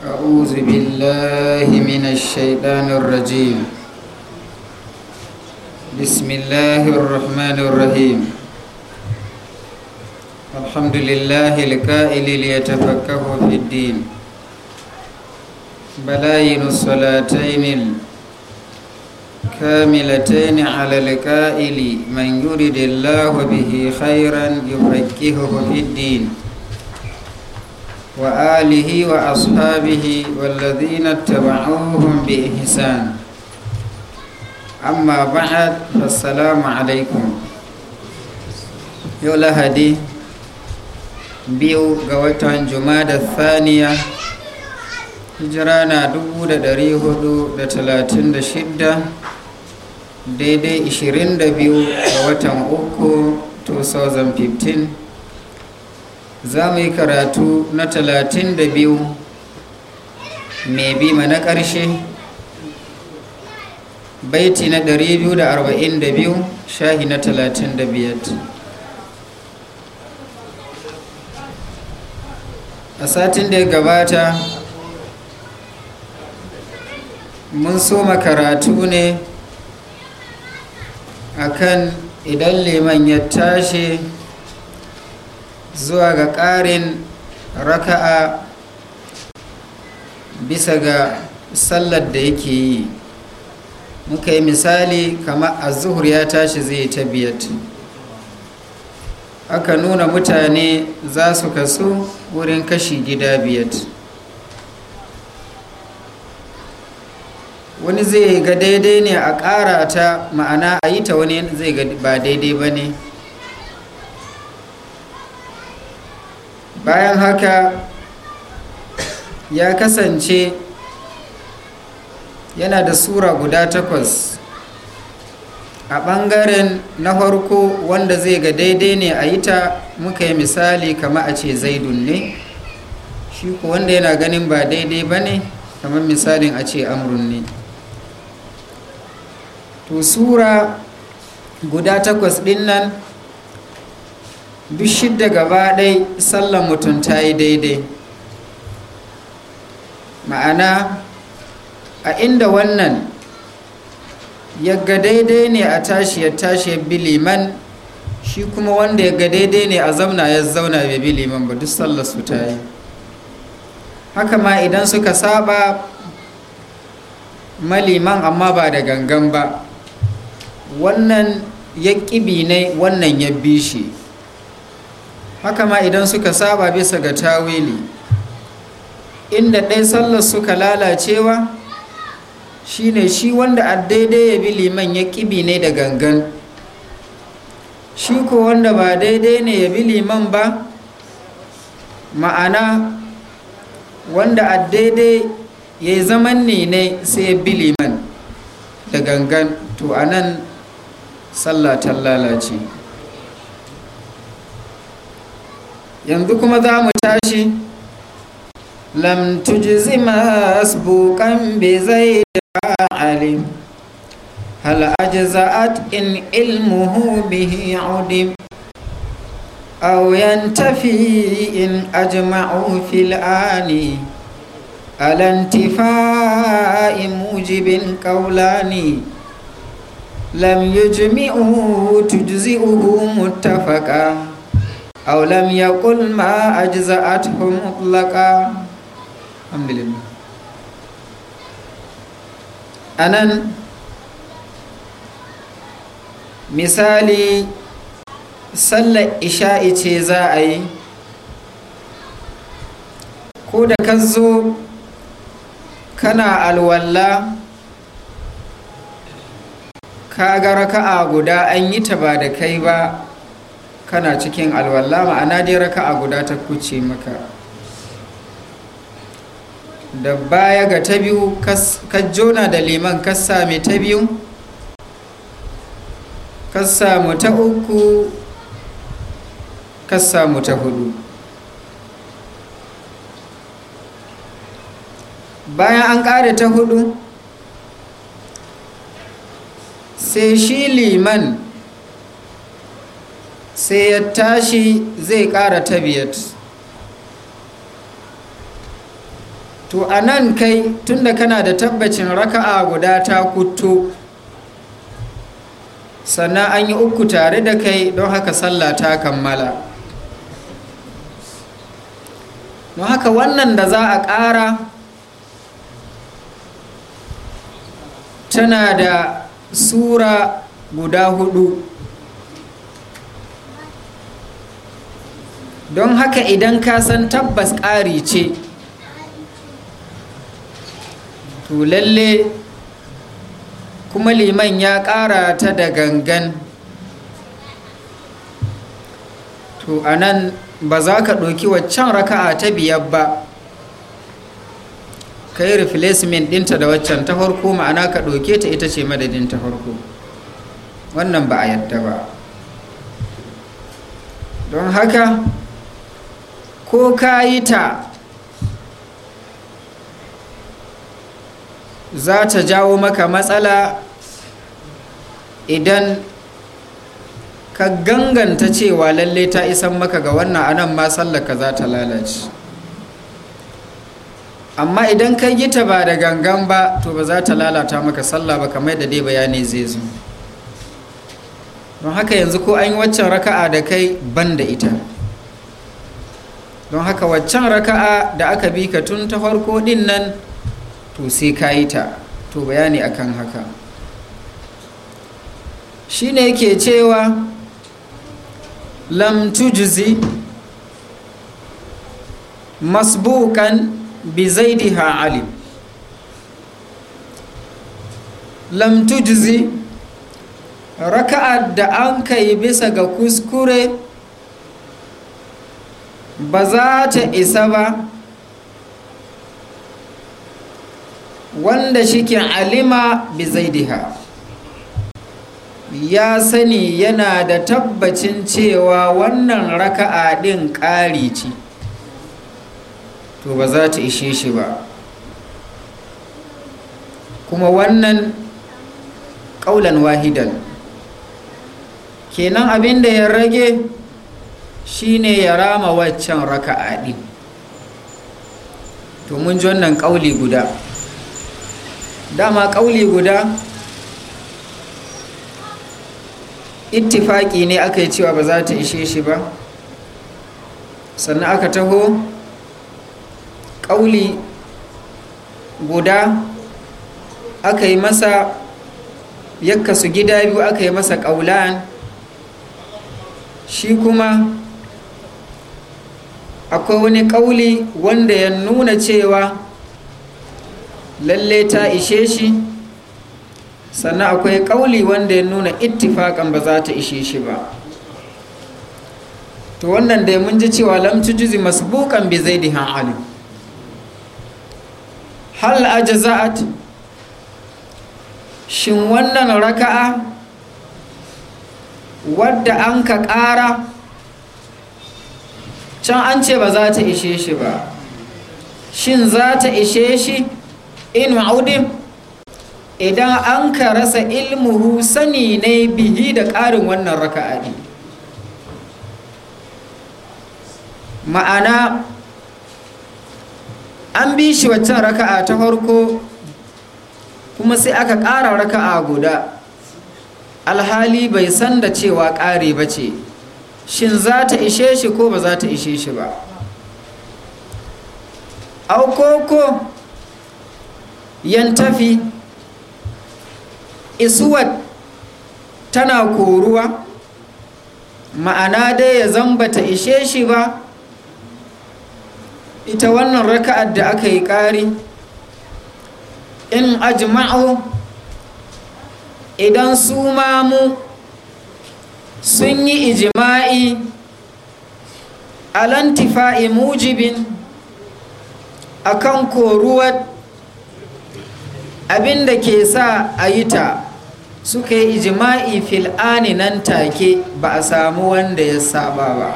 أعوذ بالله من الشيطان الرجيم بسم الله الرحمن الرحيم الحمد لله الكائل ليتفكه في الدين بلاين الصلاتين الكاملتين على الكائل من يرد الله به خيرا يفكهه في الدين وآله وأصحابه والذين اتبعوهم بإحسان أما بعد فالسلام عليكم يولا هدي بيو biyu ga watan jumada thaniya hijira na 436 daidai 22 ga watan أوكو 2015 za mu yi karatu na talatin da biyu mai bi ma na ƙarshe baiti na ɗari biyu da arba'in da biyu shahi na talatin da biyar a satin da ya gabata mun soma karatu ne a kan idan liman ya tashi zuwa ga ƙarin raka'a bisa ga sallar da yake yi muka yi misali kamar azuhur ya tashi zai ta biyat aka nuna mutane za su kasu wurin kashi gida biyar. wani zai ga daidai ne a ƙara ta ma'ana a yi ta wani zai ba daidai ba ne bayan haka ya kasance yana da sura guda takwas a ɓangaren na farko wanda zai ga daidai ne a yi ta muka yi misali kama a ce zaidun ne shi ku wanda yana ganin ba daidai ba ne kamar misalin a ce amurin ne to sura guda takwas ɗin nan duk shidda gaba ɗai sallar mutum ta yi daidai ma'ana a inda wannan yaga daidai ne a tashi ya tashi ya bi liman shi kuma wanda yaga daidai ne a zauna ya zauna ya bi liman ba duk sallar su ta yi haka ma idan suka saba maliman amma ba da gangan ba wannan ya ƙibi ne wannan ya bi shi haka ma idan suka saba bisa ga tawili inda ɗai sallar suka lalacewa shine shi wanda a daidai ya bi liman ya ƙibi ne da gangan shi ko wanda ba daidai ne ya bi liman ba ma'ana wanda a daidai ya zaman ne ne sai ya bi liman da gangan to anan sallah ta lalace yanzu kuma za mu tashi lamtujizi masu bukan bezai da ba'alim hal ajza'at in ilmu bihi udim aw yantafi in ajma'u fil ani al intifa'i mujibin qawlani lam yujmi'u tujzi'uhu muttafaqan أو لم يقل ما أجزأته مطلقا الحمد لله أنا misali sallar isha'i ce za a yi ko da ka zo kana alwalla ka ga raka'a guda an yi ta ba da kai ba kana cikin alwala ma'ana dai a guda ta kuce maka da baya ga ta biyu ka jona da liman ka sami ta biyu ka samu ta uku ka samu ta hudu bayan an ƙare ta hudu sai shi liman sai ya tashi zai ƙara ta to a nan kai tunda kana da tabbacin raka'a guda ta kuto sannan an yi uku tare da kai don haka sallah ta kammala don haka wannan da za a ƙara tana da sura guda hudu don haka idan ka san tabbas ƙari ce to lalle kuma liman ya ƙara ta da gangan to a nan ba za ka ɗauki waccan raka'a ta biyar ba ka yi replacement ɗinta da waccan ta farko ma'ana ka ɗauke ta ita ce madadin ta farko wannan ba a yadda ba don haka ko ka yi ta za ta jawo maka matsala idan ka ganganta cewa lalle ta isan maka ga wannan anan ma sallaka za ta lalace amma idan ka yi ta ba da gangan ba to ba za ta lalata maka sallah ba kamar da dai bayani zai zo don haka yanzu ko an yi waccan raka'a da kai ban da ita don haka waccan raka'a da aka bi ka tun ta farko din nan to sai ka yi ta to bayani akan haka shine ke cewa lam Tujuzi, masbukan bi zaidiha alim lam Tujuzi, raka'a da an kai bisa ga kuskure ba za ta isa ba wanda shike alima bi zaidiha ya sani yana da tabbacin cewa wannan raka'a ɗin ƙari ce to ba za ta ishe shi ba kuma wannan ƙaulan wahidan kenan abin da ya rage Shi ne ya rama waccan raka'a din to mun ji wannan ƙauli guda dama ƙauli guda ittifaki ne aka yi cewa ba za ta ishe shi ba sannan aka taho ƙauli guda aka yi masa yakkasu gida biyu aka yi masa ƙaulan shi kuma akwai wani ƙauli wanda ya nuna cewa lalle ta ishe shi sannan akwai ƙauli wanda ya nuna ittifaƙan ba za ta ishe shi ba to wannan da mun ji cewa lamci juzi bukan bi zai dihan alim hal ajza'at shin wannan raka'a wadda an ka ƙara can an ce ba za ta ishe shi ba shin za ta ishe shi in ma'udin idan an ka rasa ilmuhu sani ne bihi da ƙarin wannan raka'a ma'ana an bi shi waccan raka'a ta farko kuma sai aka ƙara raka'a guda alhali bai san da cewa ƙare ba ce shin za ta ishe shi ko ba za ta ishe shi ba aukoko tafi isuwat tana koruwa ma'ana dai ya zamba ta ishe shi ba ita wannan raka'ar da aka yi ƙari in ajma'u idan su mamu sun yi ijima'i a alantifa'i mujibin akan koruwar abin da ke sa a yi ta suka yi ijima'i fil'ani nan take ba a samu wanda ya saba ba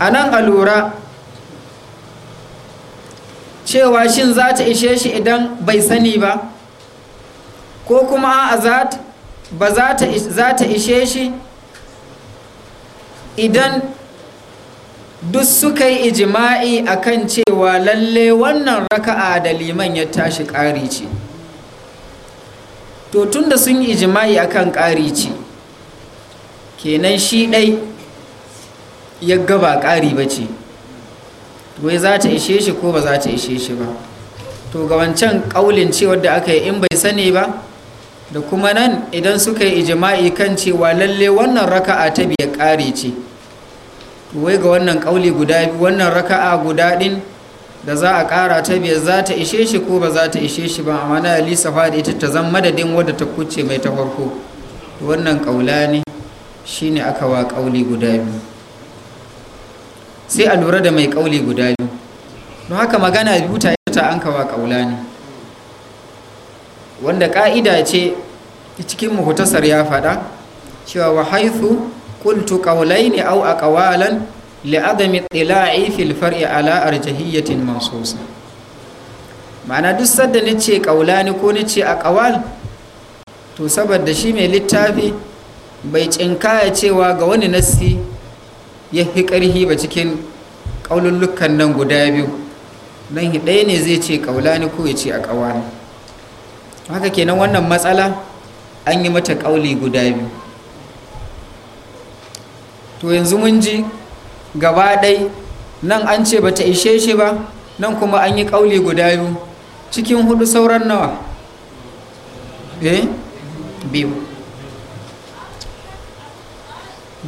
a nan a lura cewa shin za ta ishe shi idan bai sani ba ko kuma a za ba za ta ishe shi idan duk suka yi ijima'i akan cewa lalle wannan raka'a da liman ya tashi ƙari ce to tun da sun yi ijima'i akan ƙari ce kenan shi ɗai ya gaba ƙari ba ce wai za ta ishe shi ko ba za ta ishe shi ba to ga wancan ƙaulin ce da aka yi in bai sani ba da kuma nan idan suka yi ijima'i kan cewa lalle wannan raka'a ta biya ƙare ce wai ga wannan ƙauli guda wannan raka'a guda ɗin da za a ƙara ta biya za ta ishe shi ko ba za ta ishe shi ba amma na lisa da ita ta zan madadin wadda ta kuce mai ta farko wannan ƙaula ne shine aka wa ƙauli guda biyu sai a lura da mai ƙauli guda biyu don haka magana biyu ta ta an kawa ƙaula ne wanda ƙa'ida ce cikin muhtasar ya faɗa cewa wa haithu qultu qawlayn aw aqwalan li adami tila'i fil far'i ala arjahiyatin mansusa ma'ana duk sadda nace qawlani ko nace aqwal to saboda shi mai littafi bai cinkaya cewa ga wani nassi ya fi ƙarhi ba cikin ƙaulullukan nan guda biyu nan ɗaya ne zai ce ƙaula ƙaulani ko ya ce a ƙawani haka kenan wannan matsala an yi mata ƙauli guda biyu to yanzu mun ji gaba ɗai nan an ce ba ta ishe shi ba nan kuma an yi ƙauli guda biyu cikin hudu sauran nawa eh biyu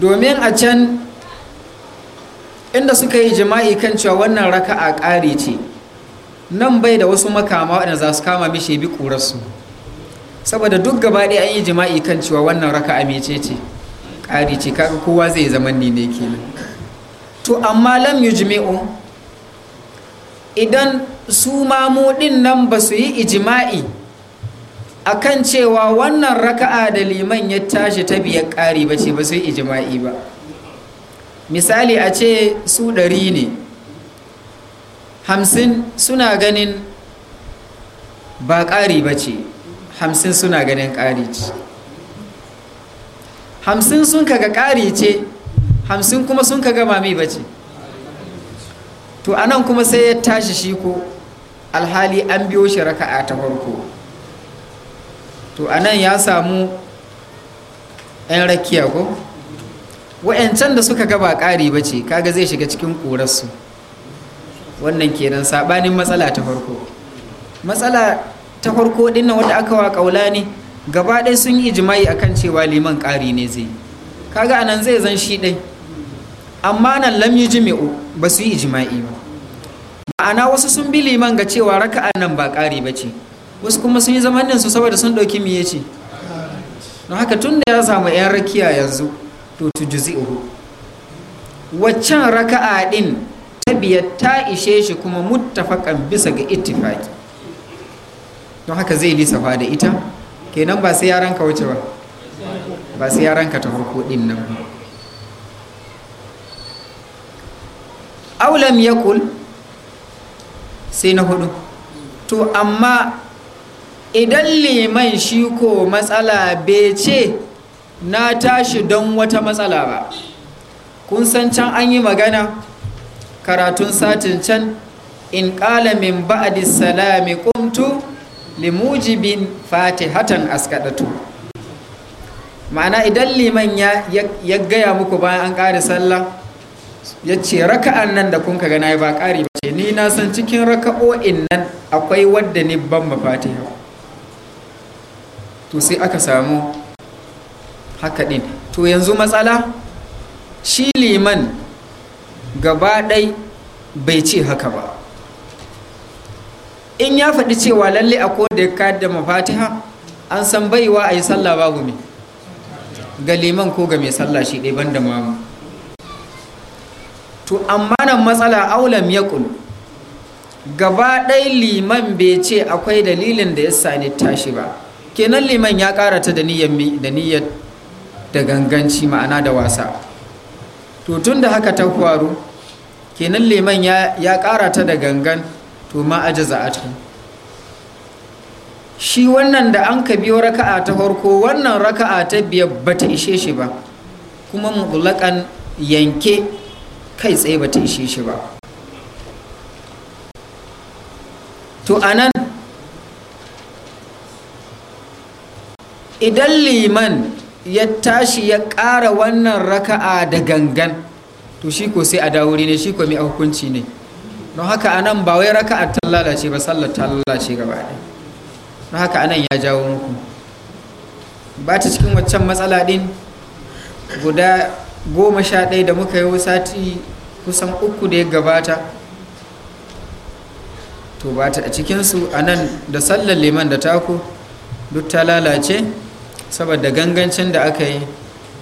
domin a can inda suka yi jima'i kan cewa wannan raka'a ƙari ce nan bai da wasu makama waɗanda za su kama mishi bi ƙurarsu saboda duk gaba ɗaya an yi jima'i kan cewa wannan raka amince ce ƙari ce kaga kowa zai zama ni ne nan. to amma lam yujmi'u idan su mamu ɗin nan ba su yi ijima'i A kan cewa wannan raka'a da liman ya tashi ta biyar ƙari ba ce ba su yi ijima'i ba misali a ce su ɗari ne hamsin suna ganin ba ƙari ba ce hamsin suna ganin ƙari ce hamsin sun kaga ƙari ce hamsin kuma sun kaga mami ba ce to anan kuma sai ya tashi shi ko alhali an biyo shi raka'a ta farko to anan ya samu 'yan rakiya ko wa'yancan da suka gaba ƙari ba ce kaga zai shiga cikin ƙorarsu wannan kenan sabanin matsala ta farko matsala ta farko din nan wanda aka wa kaula ne gaba ɗaya sun yi a akan cewa liman ƙari ne zai kaga anan zai zan shi ɗai amma nan lam yi jimi'u ba su yi jima'i ba ma'ana wasu sun bi liman ga cewa raka'a nan ba ƙari ba ce wasu kuma sun yi zaman nan su saboda sun ɗauki miye ce don haka tun da ya samu 'yan rakiya yanzu to tu juzi'uhu waccan raka'a ɗin ta biyar ta ishe shi kuma muttafakan bisa ga ittifaki don haka zai lissafa da ita kenan ba sai yaran ka wuce ba ba sai yaran ka ta farko din nan aulam yakul sai na hudu to amma idan liman shi ko matsala bai ce na tashi don wata matsala ba kun san can an yi magana karatun satin can in ƙala min ba'adis salami kumtu limujibin fatihatan askadatu ma'ana idan liman ya, gaya muku bayan an ƙari sallah ya ce raka'an nan da kun kaga na yi ba ƙari ba ce ni na san cikin raka'o'in nan akwai wadda ni ban ba fatiha to sai aka samu haka ɗin to yanzu matsala shi liman gaba ɗai bai ce haka ba in ya faɗi cewa lalle a da ya da mafatiha an san baiwa a yi sallah babu me ga liman ko ga mai sallah shi ɗai banda mama to amma nan matsala aulam ya ƙulu gaba ɗai liman bai ce akwai dalilin da ya sani tashi ba kenan liman ya ƙarata da niyyar da ganganci ma'ana da wasa to tun da haka ta faru kenan liman ya ƙara ta da gangan to ma a jaza'atun shi wannan da an ka biyo raka'a ta farko wannan raka'a ta biya ba ta ishe shi ba kuma mutlaƙan yanke kai tsaye ba ta ishe shi ba to anan idan liman ya tashi ya ƙara wannan raka'a da gangan to shi ko sai a dawuri ne shi ko mai hukunci ne don haka a nan ba wai raka'a ta lalace ba sallar ta lalace gaba ɗaya don haka a nan ya jawo muku ba ta cikin waccan matsala ɗin guda goma sha ɗaya da muka yi sati kusan uku da ya gabata to ba ta a cikinsu a nan da sallar liman da tako duk ta lalace saboda gangancin da aka yi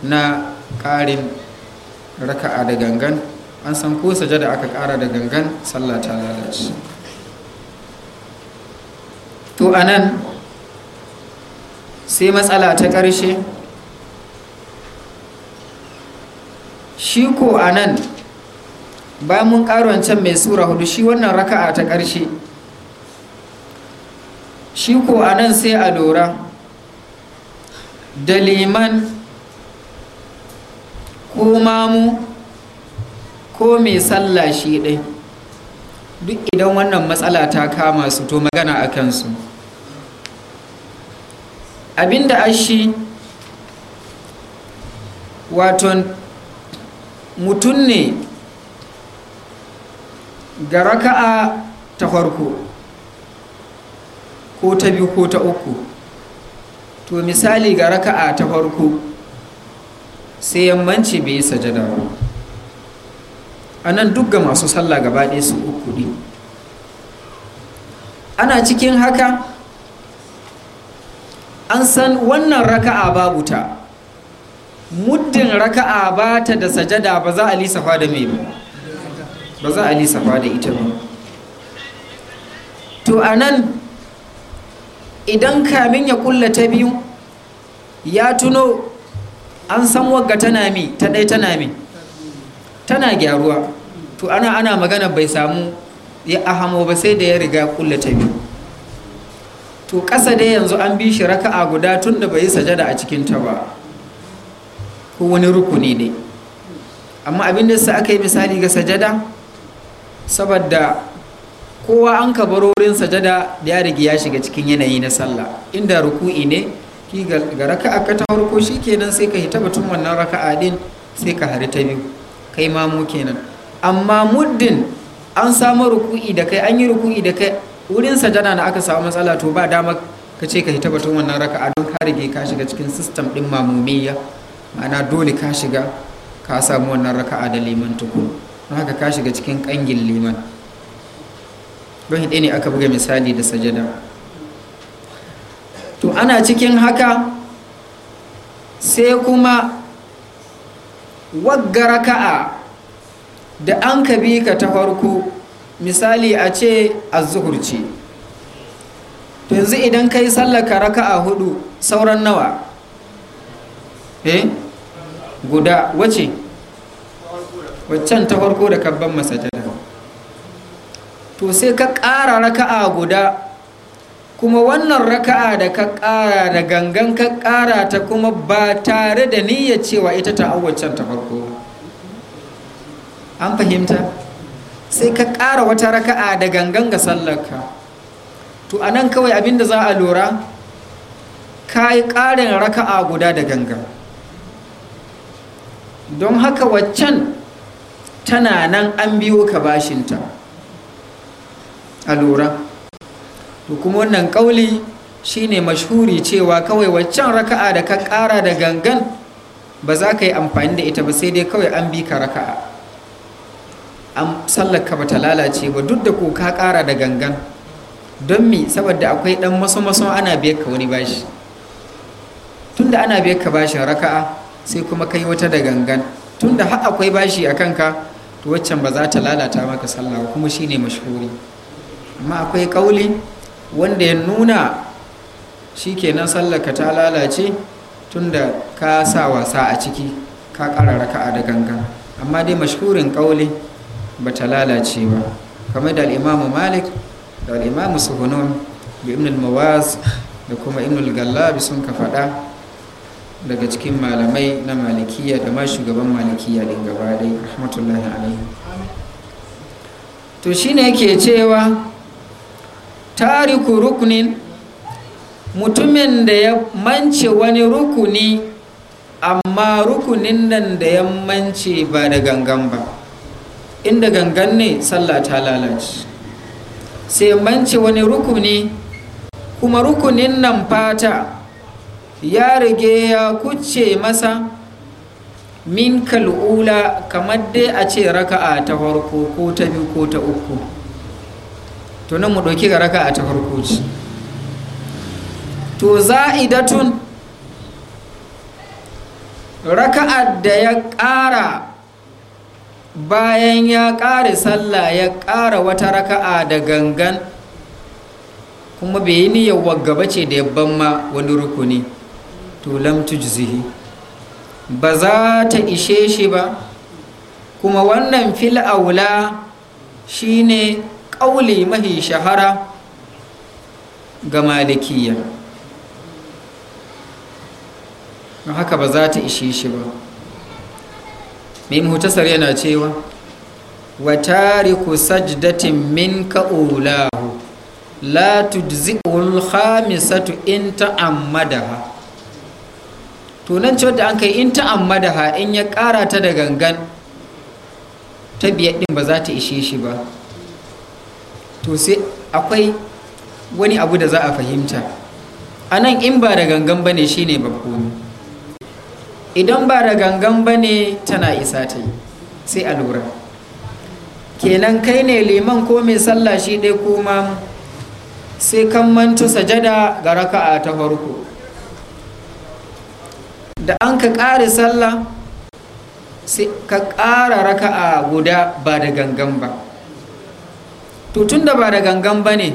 na ƙarin raka'a da gangan an san ko da aka ƙara da gangan sallah ta lalace to anan sai matsala ta ƙarshe shi ko anan bayan mun can mai sura hudu shi wannan raka'a ta ƙarshe shi ko anan sai a lura da liman ko mamu ko mai sallah shi ɗai duk idan wannan matsala ta kama su to magana a kansu abinda ashi waton mutum ne ga raka'a ta farko ko ta biyu ko ta uku to misali ga raka'a ta farko sai yammanci bai yi sajada ba a nan duk ga masu sallah gaba ɗaya su uku ne ana cikin haka an san wannan raka'a babu ta muddin raka'a ba ta da sajada ba za a lisafa da mai ba za a lisafa da ita ba to a nan idan kamin ya kulla ta biyu ya tuno an san wagga tana mi ta ɗai tana mi tana gyaruwa to ana ana magana bai samu ya ahamo ba sai da ya riga kulla ta biyu to ƙasa dai yanzu an bi shi raka'a guda tun da bai yi sajada a cikin ta ba ko wani rukuni ne amma abin da sa aka yi misali ga sajada saboda kowa an ka barorin sajada da ya rigi ya shiga cikin yanayi na sallah inda ruku'i ne ki ga raka'a ka ta farko shikenan sai ka hita batun wannan raka'a din sai ka hari ta biyu kai mamu kenan amma muddin an samu ruku'i da kai an yi ruku'i da kai wurin sajada na aka samu matsala to ba dama ka ce ka hita batun wannan raka'a don ka rige ka shiga cikin system din mamumiyya ma'ana dole ka shiga ka samu wannan raka'a da liman tukun haka ka shiga cikin kangin liman don ne aka buga misali da sajada to ana cikin haka sai kuma wagga raka'a da an ka bi ka ta farko misali a ce azuhur ce to yanzu idan kai sallaka raka'a hudu sauran nawa eh guda wace waccan ta farko da kabban masajada to sai ka ƙara raka'a guda kuma wannan raka'a da ka ƙara da gangan ka ƙara ta kuma ba tare da niyyar cewa ita ta awwacan ta farko an fahimta sai ka ƙara wata raka'a da gangan ga sallarka to a nan kawai abinda za a lura ka yi ƙarin raka'a guda da gangan don haka waccan tana nan an biyo ka bashinta a lura to kuma wannan shine mashuri cewa kawai waccan raka'a da ka ƙara da gangan ba za ka yi amfani da ita ba sai dai kawai an bi ka raka'a an sallaka ba ta lalace ba duk da ko ka ƙara da gangan don mi saboda akwai ɗan maso-maso ana biyar ka wani bashi tunda ana biyar ka bashin raka'a sai kuma ka yi wata da gangan tunda har akwai bashi a kanka to waccan ba za ta lalata maka sallah kuma shine mashuri. amma akwai kauli wanda ya nuna shi kenan sallaka ta lalace tunda ka sa wasa a ciki ka ƙara a da ganga amma dai mashhurin kauli ba ta lalace ba kamar da al'imamu malik da al'imamu suhunon da ibn al-mawaz da kuma ibn al-gallabi sun ka faɗa daga cikin malamai na malikiya da ma shugaban malikiya din gaba dai rahmatullahi alaihi to shine yake cewa tariku rukunin mutumin da ya mance wani rukuni amma rukunin nan da ya mance ba da gangan ba inda gangan ne sallah ta lalace sai mance wani rukuni kuma rukunin nan fata ya rage ya kuce masa min kal'ula kamar dai a ce raka'a ta farko ko ta biyu ko ta uku to nan mu ɗauki ga raka'a ta farko ce to za'idatun raka'a da ya ƙara bayan ya ƙare sallah ya ƙara wata raka'a da gangan kuma bai yi niyyar waggaba ce da yabban ma wani rukuni to lam tujzihi ba za ta ishe shi ba kuma wannan fil aula shine ƙauli mahi shahara ga malikiya don haka ba za ta ishe shi ba mai muhtasar yana cewa wa tariku sajdatin min ka'ulahu la tujzi'ul khamisatu in ta'ammadaha to nan ce da an kai in ta'ammadaha in ya ƙara ta da gangan ta biyar ɗin ba za ta ishe shi ba to sai akwai wani abu da za a fahimta a nan in ba da gangan ba ne shi ne babbomi idan ba da gangan ba ne tana isa ta yi sai a lura kenan kai ne liman ko mai sallah shi dai kuma sai kan manta sajada ga raka'a ta farko da an ka ƙare sallah sai ka ƙara raka'a guda ba da gangan ba to tun da ba da gangan ba ne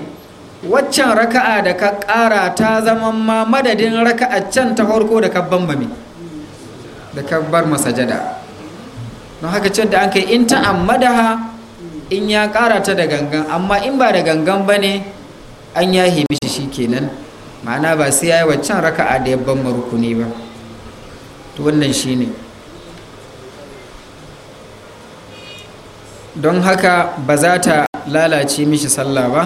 waccan raka'a da ka ƙara ta zama ma madadin raka'a can ta farko da ka ne da ka bar masajada don haka can da an kai in ta ammadaha in ya ƙara ta da gangan amma in ba da gangan ba ne an ya mishi shi kenan ma'ana ba sai ya yi waccan raka'a da ya bamma rukuni ba to wannan shi ne don haka ba za ta lalace mishi sallah ba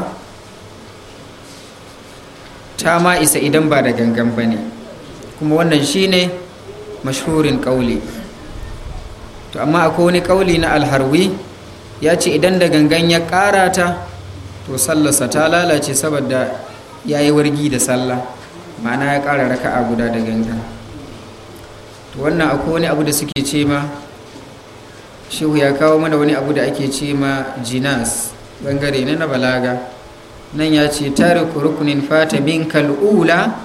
ta ma isa idan ba da gangan ba ne kuma wannan shine mashhurin kauli to amma akwai wani kauli na alharwi ya ce idan da gangan ya kara ta to sallarsa ta lalace saboda ya yi wargi da sallah ma'ana ya ƙara raka'a guda da gangan to wannan akwai wani abu da suke ce ma shehu ya kawo mana wani abu da ake ce ma jinas bangare ne na balaga nan ya ce tariku rukunin fata min kal'ula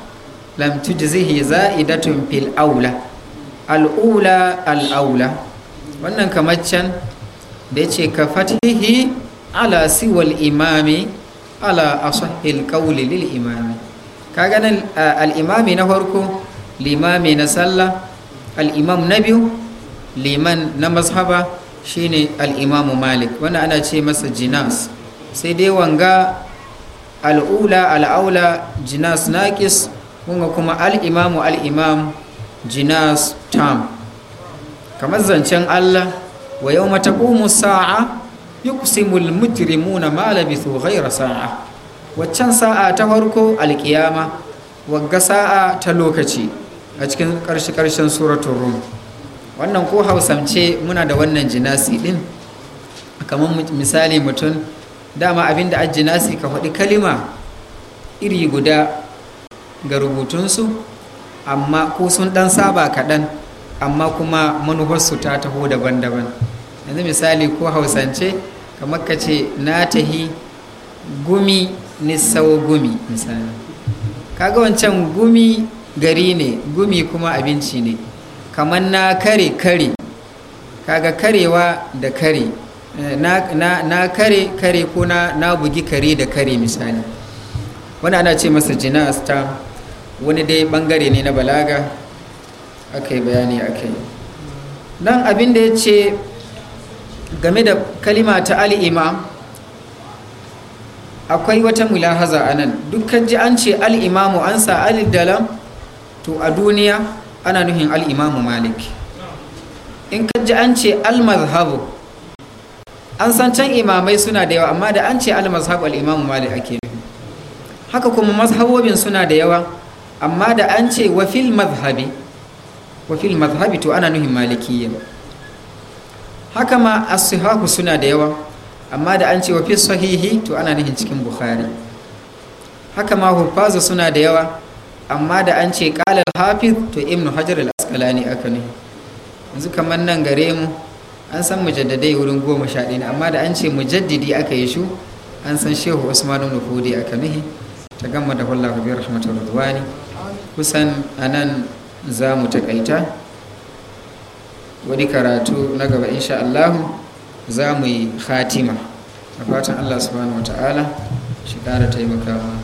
lam tujzihi za'idatun fil aula al'ula al'aula wannan kamar can da ya ce ka fatihi ala siwal imami ala asahil qawli lil imami kaga nan al'imami na farko limami na sallah al'imam na biyu liman na mazhaba shine al'imamu malik wanda ana ce masa jinas sai dai wanga al'ula al'aula jinas naƙis kunga kuma al'imamu al'imam jinas tam kamar zancen allah wa yau ƙumu sa'a yuqsimul mujrimuna malabi su ghayra sa'a waccan sa'a ta farko alƙiyama wagga sa'a ta lokaci a cikin ƙarshe-ƙarshen suratun rum wannan ko hausance muna da wannan jinasi din kamar misali mutum dama abinda da ajinasi ka faɗi kalima iri guda ga rubutunsu amma ko sun ɗan saba kaɗan amma kuma manufarsu ta taho daban-daban yanzu misali ko hausance kamar ka ce na tahi gumi nisawo gumi misali kaga wancan gumi gari ne gumi kuma abinci ne kamar na kare kare kaga karewa da kare eh, na, kare kare ko na, bugi kare da kare misali wani ana ce masa jina'as star wani dai bangare ne na balaga aka yi bayani aka yi nan abin da ya ce game da kalima ta al'imam akwai wata mulahaza a nan dukkan ji an ce al'imamu an sa al'dalam to a duniya ana nuhin al'imamu malik in ka ji an ce al-mazhabu an san can imamai suna da yawa amma da an ce al-mazhabu al'imamu malik ake nufi haka kuma mazhabobin suna da yawa amma da an ce wafil mazhabi mazhabi to ana nuhin malikiyya haka ma as-sihahu suna da yawa amma da an ce wafil sahihi to ana nuhin cikin bukhari haka ma hufazu suna da yawa amma da an ce kalal hafiz to ibnu hajar al-asqalani aka ne yanzu kamar nan gare mu an san mujaddadai wurin goma sha ɗaya amma da an ce mujaddidi aka yi shu an san shehu usman ibn fudi aka nuhi ta gama da wallahu bi rahmatul ridwani kusan anan za mu takaita wani karatu na gaba insha Allah za mu yi khatima a fatan Allah subhanahu wataala shi ƙara taimakawa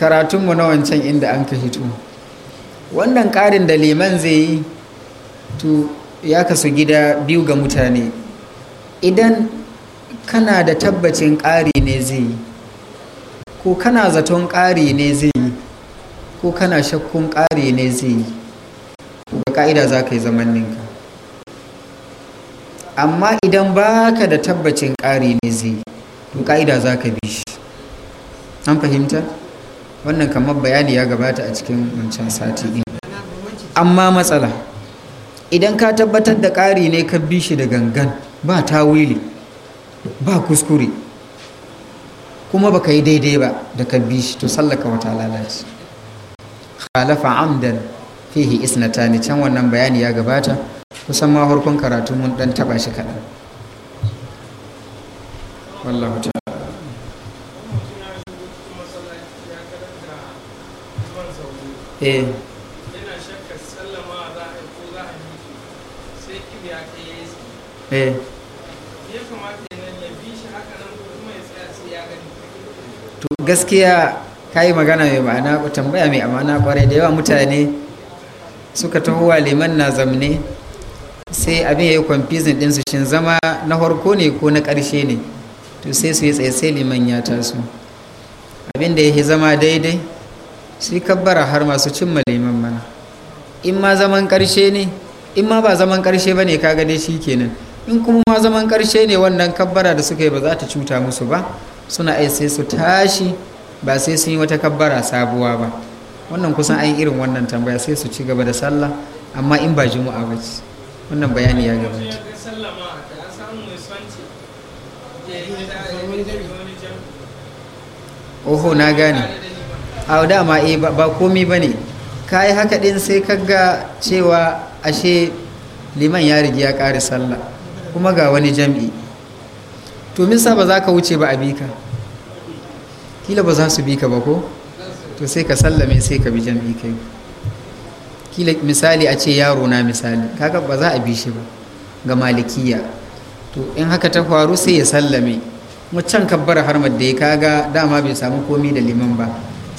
karatunmu na wancan inda an ka hito wannan ƙarin da liman zai yi to ya kasu gida biyu ga mutane idan kana da tabbacin ƙari ne zai yi ko kana zaton ƙari ne zai yi ko kana shakkun ƙari ne zai yi ga ƙa'ida za ka yi zamaninka amma idan ba ka da tabbacin ƙari ne zai yi to ƙa'ida za ka bi shi an fahimta? wannan kamar bayani ya gabata a cikin wancan sati ɗin amma matsala idan ka tabbatar da ƙari ne ka bi shi da gangan ba tawili ba kuskure kuma baka yi daidai ba da ka bi shi to sallaka wata lalace khalafa amdan fihi ne can wannan bayani ya gabata kusan ma karatu mun dan taba shi kaɗan gaskiya ka yi magana mai ma'ana ku tambaya mai amana kwarai da yawa mutane suka tahowa liman na zamne sai abin ya yi kwamfizin din su zama na harko ne ko na ƙarshe ne to sai su yi tsaye sai liman ya taso abin da ya zama daidai Sai kabbara har masu cimma liman mana in ma zaman ƙarshe ne in ma ba zaman ƙarshe ba ne ka gane shi kenan in kuma ma zaman ƙarshe ne wannan kabbara da suka yi ba za ta cuta musu ba suna ai sai su tashi ba sai sun yi wata kabbara sabuwa ba wannan kusan an irin wannan tambaya sai su ci gaba da sallah amma in ba juma'a ba ce wannan bayani ya gabata oho na gane a dama ma eh, ba komi ba ne ka yi haka ɗin sai ka ga cewa ashe liman ya rigi ya ƙare sallah kuma ga wani jam'i to minsa ba za ka wuce ba a ka kila ba za su bi ka ba ko to sai ka sallame sai ka bi jam'i kai kila misali a ce yaro na misali kaga ba za a bi shi ba ga malikiya to in haka ta faru sai ya sallame waccan kabbar harmar da ya kaga dama bai samu komi da liman ba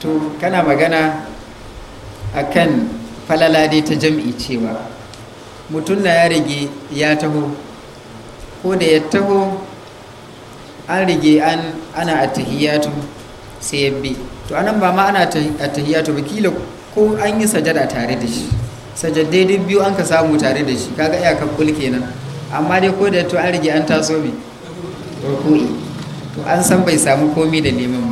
to kana magana akan falala dai ta jam'i cewa mutum na ya rage ya taho ko da ya taho an rage an ana attahiyatu sai ya bi to anan ba ma ana attahiyatu ba kila ko an yi sajada tare da shi sajadai duk biyu an ka samu tare da shi kaga iyakar kul kenan amma dai ko da to an rage an taso mai rukui to an san bai samu komi da neman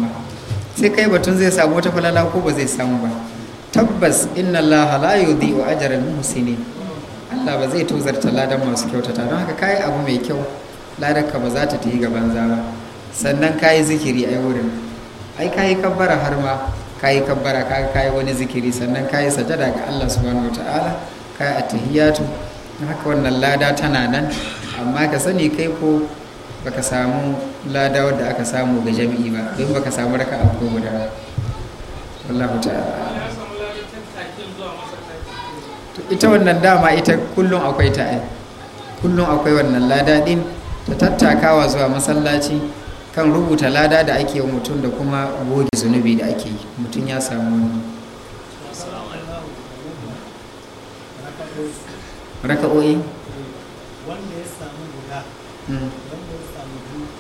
sai kai batun zai samu wata falala ko ba zai samu ba tabbas inna allaha la yudhi'u ajra al-muhsinin Allah ba zai tozarta ladan masu kyautata don haka kayi abu mai kyau ladan ka ba za ta tafi gaban zama, ba sannan kayi zikiri ai wurin ai kayi kabbara har ma kayi kabbara kaga kayi wani zikiri sannan kayi sajada ga Allah subhanahu wataala kayi attahiyatu haka wannan lada tana nan amma ka sani kai ko baka samu lada wadda aka samu ga jami'i ba don baka samu raka a ko guda ba wallahu ta'ala ita wannan dama ita kullum akwai ta'a. kullum akwai wannan lada din ta tattakawa zuwa masallaci kan rubuta lada da ake yi mutum da kuma goge zunubi da ake yi mutum ya samu wani raka'o'i wanda ya samu guda hmm.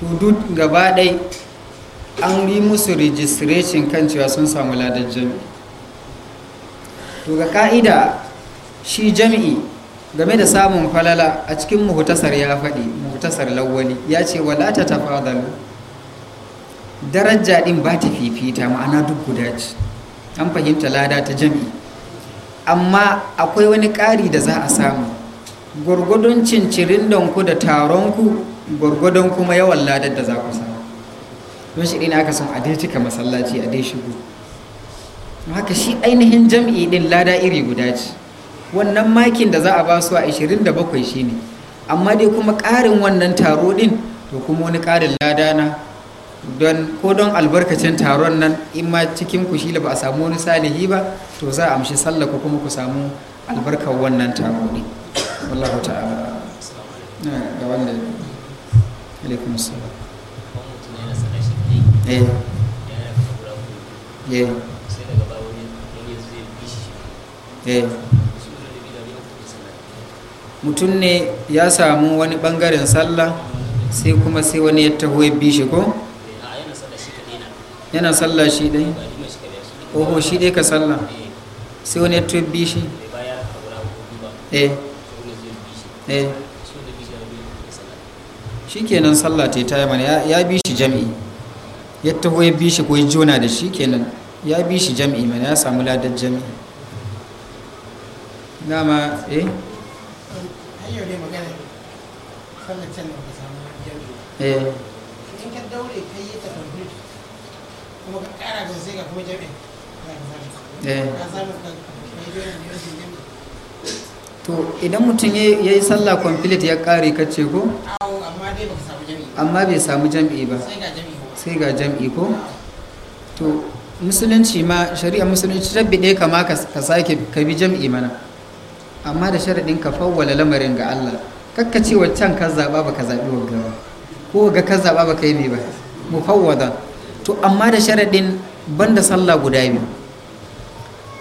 to duk gaba ɗai an yi musu registration kan cewa sun samu ladar jami'i to ga ka'ida shi jami'i game da samun falala a cikin muhtasar ya faɗi muhutasar lawwali ya ce "Walata ta tafadalu daraja ɗin ba ta fifita ma'ana duk guda ce an fahimta lada ta jami'i amma akwai wani ƙari da za a samu gwargwadon cincirin ku da taron ku? gwargwadon kuma yawan ladar da za ku samu don shi ɗin aka san a dai cika masallaci a dai shigo haka shi ainihin jam'i ɗin lada iri guda ce wannan makin da za a ba su a 27 shi ne amma dai kuma ƙarin wannan taro ɗin to kuma wani ƙarin lada na don ko don albarkacin taron nan in ma cikin ku shi ba a samu wani salihi ba to za a amshi sallah ko kuma ku samu albarkar wannan taro ne. wallahu ta'ala ga wannan alaikum salam eh. eh. eh. mutum ne ya samu wani bangaren sallah sai kuma sai wani ya taho ya bishi ko? yana sallah shi dai oho shi dai ka sallah sai wani ya taho ya bi eh eh shikenan sallah ta ta mana ya bi shi jami'i ya taho ya bi shi ko ya jona da shi kenan ya bi shi jami'i mana ya samu ladar jami'i dama eh hanyar ne magana sallar can da samu jami'i eh in ka daure kai ya ta kuma ka kara da sai ka kuma jam'i eh ka samu ka to idan mutum ya yi sallah complete ya kare kace ko amma bai samu jam'i ba sai ga jam'i ko to musulunci ma shari'a musulunci rabbi ɗaya kama ka sake ka bi jam'i mana amma da sharaɗin ka fawwala lamarin ga Allah kakka ce waccan ka zaɓa ba ka zaɓi wagga ba ko ga ka zaɓa ba ka yi mai ba mu fawwada to amma da sharaɗin banda sallah guda biyu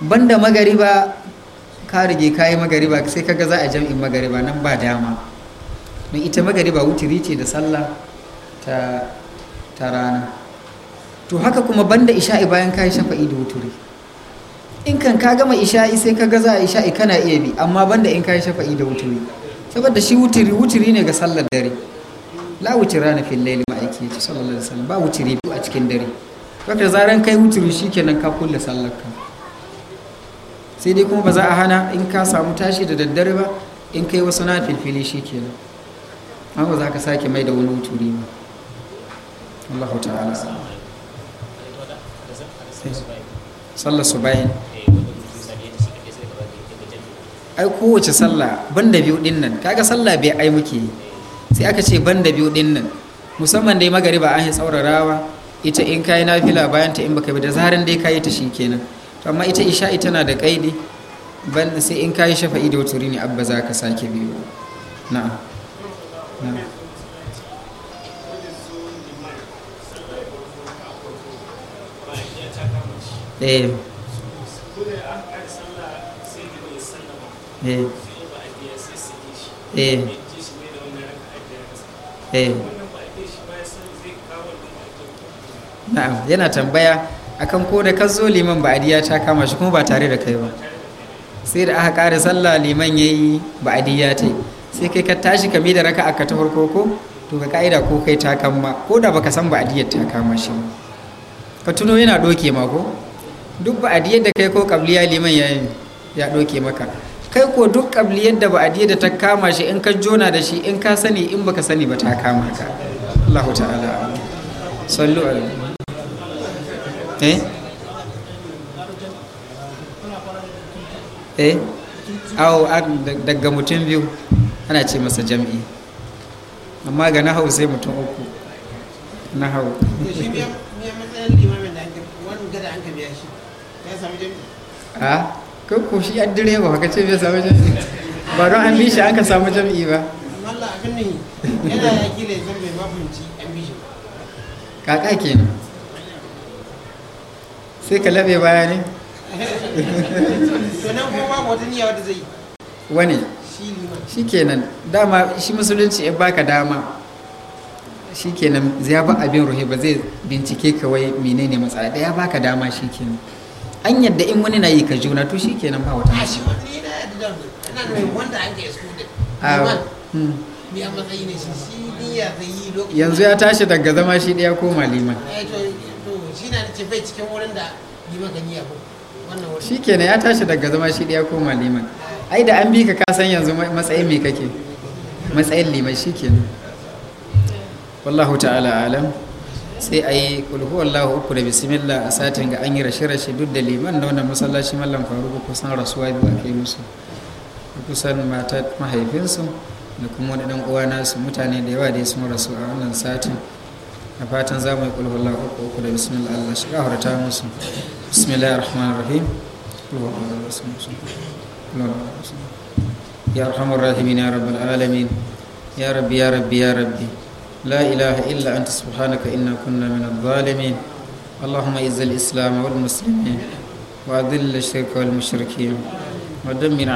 banda magariba ka rige ka yi magariba sai kaga za a jam'in magariba nan ba dama don ita magariba wuturi ce da sallah ta, ta rana to haka kuma banda isha'i bayan ka yi shafa'i da wuturi in kan ka gama isha'i sai kaga za a isha'i kana iya bi amma banda in ka yi shafa'i da wuturi saboda shi wuturi wuturi ne ga sallar dare la wutira rana fil laili ci sallallahu alaihi wasallam ba wuturi a cikin dare saboda zaran kai wuturi shikenan ka kulle sallar ka sai dai kuma ba za a hana in ka samu tashi da daddare ba in kai wasu na filfili shi ke nan an ba za ka sake mai da wani wuturi ba Allah ta'ala sallar su bayan ai kowace sallah ban da biyu din nan kaga sallah bai ai muke yi sai aka ce ban da biyu din nan musamman dai magariba an yi tsaurarawa ita in kayi nafila bayan ta in baka bi da zaran dai kayi ta shi kenan amma ita isha'i tana da kaidi ban sai in kayi shafa'i da wuturi ne abba za ka sake biyu na'am eh. Eh. Eh. na'am yana tambaya akan ko da ka zo liman ba'adiyya ta kama shi kuma ba tare da kai ba sai da aka ƙara sallah liman ya yi ba'adiyya ta sai kai ka tashi ka da raka aka ta farko ko to ka ka'ida ko kai ta kama ko da baka san ba'adiyyar ta kama shi ka tuno yana doke ma ko duk ba'adiyyar da kai ko kabliya liman ya yi ya doke maka kai ko duk kabliyar da ba'adiyyar da ta kama shi in ka jona da shi in ka sani in baka sani ba ta kama ka Allahu ta'ala sallu alaihi eh eh awo daga mutum biyu ana ce masa jam'i amma ga nahau sai mutum uku nahau a kanku shi an dire ba haka ce bai samu jam'i ba don an bi shi aka samu jam'i ba ne yana da ya zama an kaka kenan sai ka labe baya ne sannan kuma wata niyya wata zai wani shi kenan dama shi musulunci ya baka dama shi kenan ya ba abin ruhe ba zai bincike kawai menene matsala ɗaya ya baka dama shi kenan an yadda in wani na yi ka juna to shi kenan ba wata ba ah, hmm. yanzu ya tashi daga zama shi ɗaya ko maliman eh, shi na ya tashi daga zama shi ya koma liman ai da an bi ka ka yanzu matsayin mai kake matsayin liman shi kenan wallahu ta'ala alam sai a yi kulhu wallahu uku da bismillah a satin ga an yi rashe-rashe duk da liman da wannan masallaci mallam ko kusan rasuwa biyu ake musu, musu kusan mata mahaifinsu da kuma wani ɗan uwa nasu mutane da yawa da ya sun rasu a wannan satin a fatan za mu yi ƙulhu Allah uku uku da bismillah Allah shiga hurta musu bismillah ar-rahman ya rahamar rahimi ya rabbal ya rabbi ya rabbi ya rabbi la ilaha illa anta subhanaka inna kunna min adh-dhalimin allahumma izz al-islam wal muslimin wa adhill ash-shirka wal mushrikeen wa dammir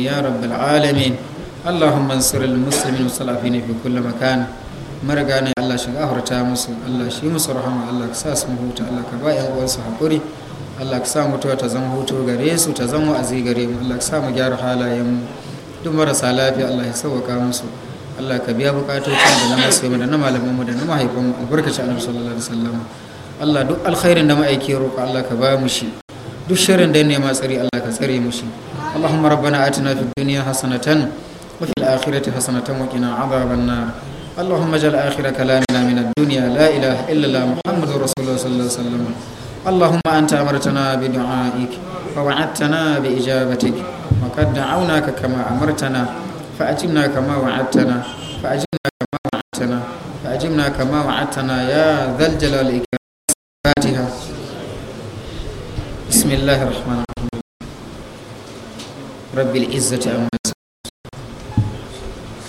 ya rabbal alamin allahumma ansur al-muslimin wa fi kulli makan marga ne Allah shiga hurta musu Allah shi musu rahama Allah ka sa su huta Allah ka ba yan uwansu hakuri Allah ka sa mutuwa ta zama hutu gare su ta zama wa'azi gare mu Allah ka sa mu gyara halayen mu duk marasa lafiya Allah ya sauka musu Allah ka biya bukatocin da na masoyi da na malaman mu da na mahaifin mu albarkaci annabi sallallahu alaihi wasallam Allah duk alkhairin da ma'aiki roƙo Allah ka ba mu shi duk shirin da nema tsari Allah ka tsare mu shi Allahumma rabbana atina fid dunya hasanatan wa fil akhirati hasanatan wa qina adhaban nar اللهم اجعل آخر كلامنا من الدنيا لا إله إلا الله محمد رسول الله صلى الله عليه وسلم اللهم أنت أمرتنا بدعائك ووعدتنا بإجابتك وقد دعوناك كما أمرتنا فأجبنا كما وعدتنا فأجبنا كما وعدتنا فأجبنا كما وعدتنا يا ذا الجلال والإكرام بسم الله الرحمن الرحيم رب العزة عما